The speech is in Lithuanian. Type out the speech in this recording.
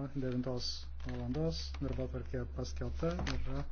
9 valandos darbo tvarkė paskelbta yra